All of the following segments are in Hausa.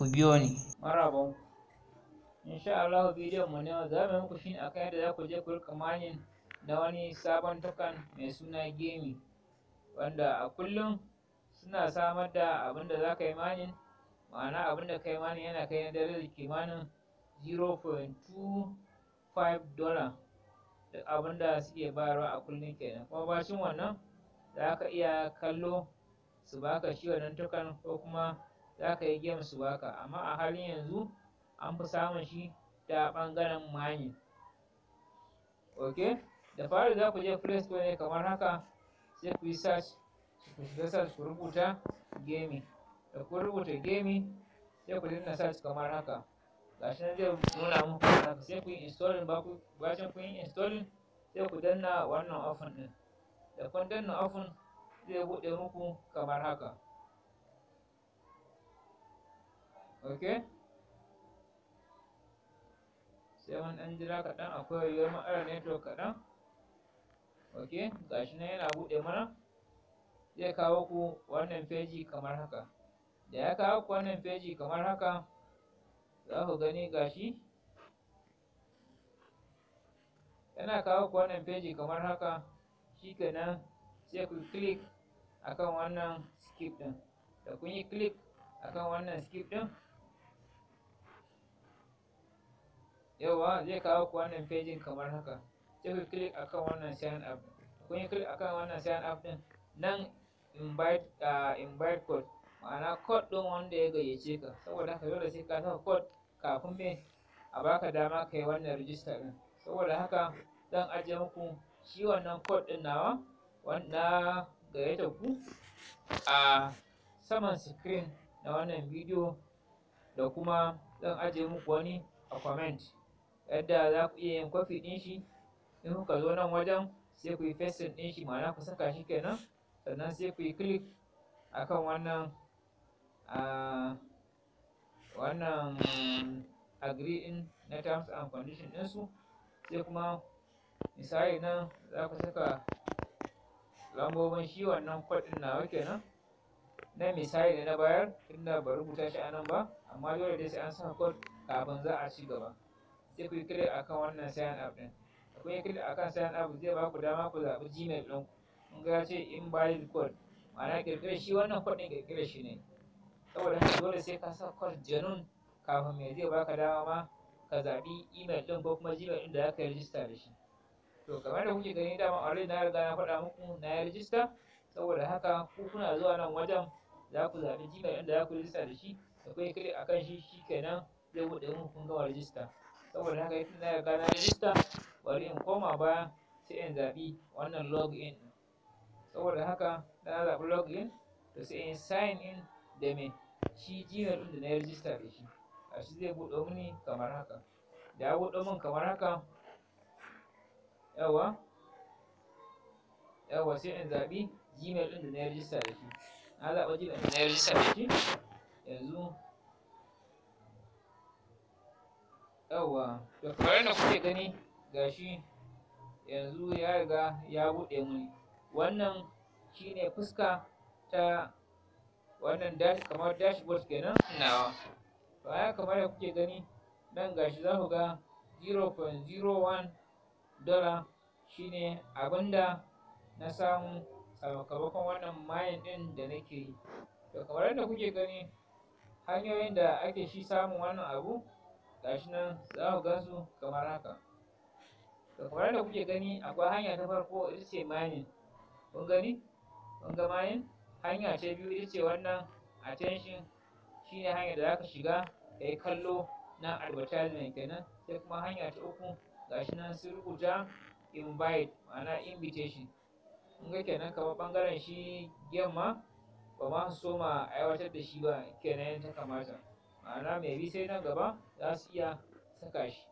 ku biyo ni. Marabon. Insha Allah bidiyon mu na za mu muku shine akan yadda za ku je ku rika manyan na wani sabon tukan mai suna gaming wanda a kullum suna samar da abin da za ka yi manyan, ma'ana abin da ka yi manyan yana kai na darajar kimanin 0.25 dollar da abin da suke bayarwa a kullum kenan kuma bacin wannan za ka iya kallo su baka shi wannan tukan ko kuma za ka yi game su baka amma a halin yanzu an fi samun shi ta ɓangaren mani ok da fara za ku je play store ne kamar haka sai ku yi search ku shiga search ku rubuta gaming da ku rubuta gaming sai ku dinga search kamar haka gashi nan zai nuna muku haka sai ku yi installing bacin ku yi installing sai ku danna wannan offen din da kun danna offen zai buɗe muku kamar haka ok sai wani ɗan jira kaɗan akwai yiwuwar ma'ara network kaɗan ok gashi nan yana buɗe mana zai kawo ku wannan feji kamar haka da ya kawo ku wannan feji kamar haka za ku gani gashi yana kawo ku wannan feji kamar haka shikenan sai ku click akan wannan skip ɗin da kun yi click akan wannan skip ɗin yawa zai kawo ku wannan fejin kamar haka sai ku click akan wannan sign up kun yi click akan wannan sign up din nan invite uh, invite code ma'ana code din wanda ya gayyace ka saboda haka dole sai ka saka code kafin me a baka dama ka yi wannan register din saboda haka zan ajiye muku shi wannan code din nawa wanda gayyata ku a saman screen na wannan video, da kuma zan ajiye muku wani a comment yadda za ku iya yin kwafi ɗin shi in kuka zo nan wajen sai ku yi fesin ɗin shi ma'ana ku saka shi kenan sannan sai ku yi click akan wannan wannan agree in na terms and condition ɗinsu sai kuma misali nan za ku saka lambobin shi wannan kwaɗin nawa kenan na misali da na bayar inda ba rubuta shi a nan ba amma dole dai sai an saka kod kafin za a ci gaba sai ku yi kirit akan wannan sa'yan abu ɗin, akwai yi a akan sa'yan abu zai ba ku dama ku zaɓi gmail ɗin kun ga ce in valid code ma'ana kirkirar shi wannan code ɗin kirkirar shi ne saboda haka dole sai ka sa code janun kafin mai zai baka dama ma ka zaɓi email ɗin ko kuma gmail ɗin da aka yi rijista da shi to kamar da kuke gani dama already na riga na faɗa muku na yi rijista saboda haka ku kuna zuwa nan wajen za ku zaɓi gmail ɗin da za yi rijista da shi akwai a akan shi shikenan zai buɗe muku kun gama rijista saboda haka ita na riga na rijista bari in koma baya sai in zaɓi wannan log in saboda haka na zaɓi log in to sai in sign in da me shi gmail ɗin da na rijista da shi shi zai buɗo mini kamar haka da ya buɗo min kamar haka yawa yawa sai in zaɓi gmail ɗin da na rijista da shi na zaɓa gmail ɗin da na rijista da shi yanzu yawwa da kamar da kuke gani gashi yanzu ya riga ya buɗe muni wannan shine fuska ta wannan dash kamar dashboard kenan nawa baya kamar da kuke gani nan gashi za ku ga 0.01 dollar shine abinda na samu sakamakon wannan mayan ɗin da nake yi Da kamar yadda kuke gani hanyoyin da ake shi samun wannan abu gashi nan za ku gansu kamar haka to kamar da kuke gani akwai hanya ta farko ita ce mining kun gani kun ga mining hanya ce biyu ita ce wannan attention shine hanya da zaka shiga kai kallo na advertisement kenan sai kuma hanya ta uku gashi nan sun rubuta invite ma'ana invitation kun ga kenan kamar bangaren shi ma ba ma su so ma aiwatar da shi ba kenan ta kamata ma'ana mai sai nan gaba za su iya saka shi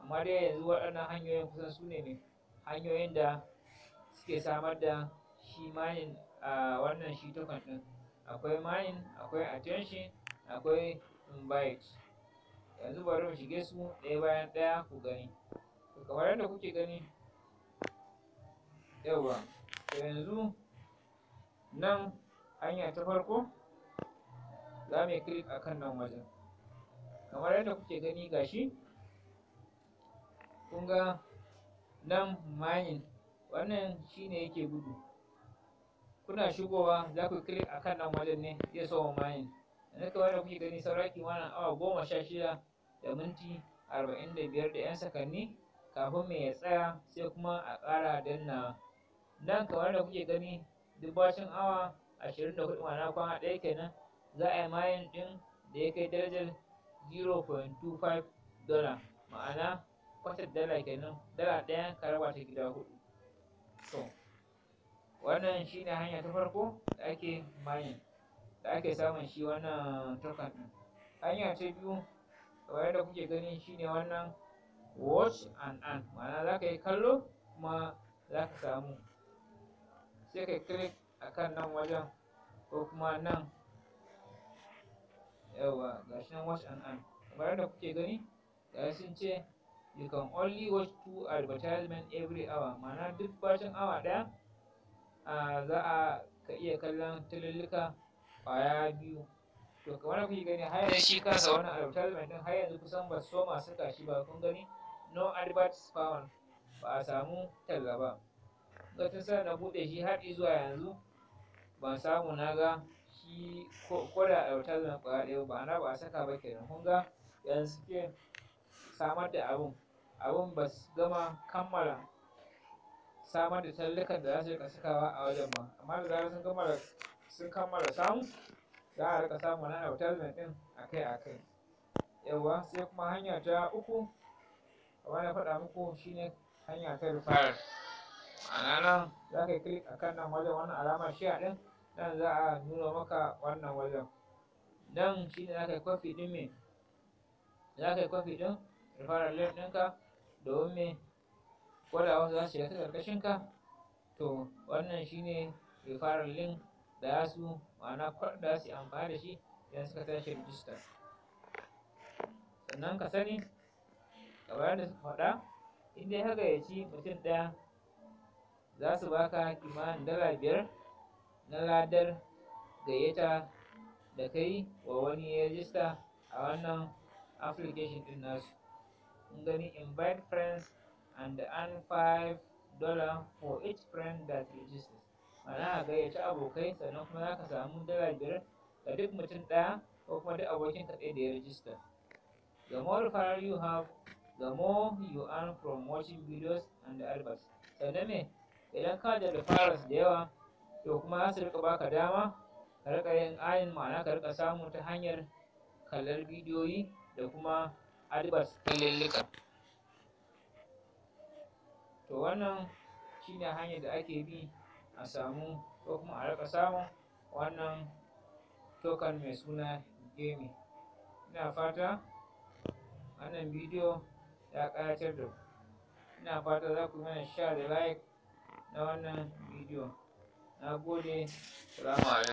amma dai yanzu waɗannan hanyoyin kusan su ne hanyoyin da suke samar da shi mayin a wannan shi token ɗin akwai mayin akwai attention akwai invite yanzu bari mu shige su ɗaya bayan ɗaya ku gani to kamar yadda kuke gani yawa to yanzu nan hanya ta farko za mu yi click akan nan wajen kamar yadda kuke gani gashi kun ga nan mayin wannan shine yake gudu kuna shigowa za ku a kan nan wajen ne zai sawa mayin yanzu kamar yadda kuke gani saura kimanin awa goma sha shida da minti arba'in da biyar da 'yan sakanni kafin mai ya tsaya sai kuma a ƙara danna nan kamar yadda kuke gani duk bacin awa ashirin da hudu ma'ana kwana ɗaya kenan za a yi mayin ɗin da ya kai darajar 0.25 dollar ma'ana kwatar dala kenan dala ɗaya ka raba ta gida hudu so wannan shi ne hanya ta farko da ake mayan da ake samun shi wannan token ɗin hanya ta biyu kamar yadda kuke ganin shi ne wannan watch and earn ma'ana za ka yi kallo kuma za ka samu sai ka click kan nan wajen ko kuma nan yawa shi nan watch and earn kamar da kuke gani ga sun ce you can only watch two advertisement every hour ma'ana duk bacin awa ɗaya za a ka iya kallon tululluka ƙwaya biyu to kamar kuke gani har yanzu shi kansa wannan advertisement din har yanzu kusan ba so masu kashi ba kun gani no adverts found ba a samu talla ba ga tun na da buɗe shi har zuwa yanzu ban samu na ga ɗauki ko da advertisement ƙwaya ɗaya ba na ba a saka ba kenan kun ga yanzu suke samar da abun abun ba su gama kammala samar da tallukan da za su rika sakawa a wajen ba amma da zarar sun kammala sun kammala samu za a rika samu na advertisement kai-a kai. yawwa sai kuma hanya ta uku kamar na faɗa muku shine hanya ta rufar ma'ana nan za ka yi click akan nan wajen wannan alamar share ɗin nan za a nuna maka wannan wajen nan shi ne za ka yi kwafi ɗin me za ka yi kwafi ɗin referral link ɗinka domin me kwada wasu za su shiga ta ƙarƙashinka, ka to wannan shi ne fara link da za su ma'ana da su amfani da shi idan suka tashi rijista sannan ka sani kamar da suka faɗa in dai haka ya ci mutum ɗaya za su baka kimanin dala biyar na ladar gayyata da kai wa wani ya rejista a wannan application din nasu In gani invite friends and earn five dollar for each friend that registers ma'ana a gayyaci abokai sannan kuma za ka samu dala biyar ga duk mutum ɗaya ko kuma duk abokin ka ɗaya da ya rajista the more referral you have the more you earn from watching videos and adverts sannan me idan ka da referrals da yawa to kuma za su rika baka dama ka rika yin ayin ma'ana ka rika samu ta hanyar kallar bidiyoyi da kuma adibas kilillika to wannan shine hanyar da ake bi a samu ko kuma a rika samun wannan token mai suna gemi ina fata wannan bidiyo ya ƙayatar da ku ina fata za ku mana sha da like na wannan bidiyo Na gode. Salamu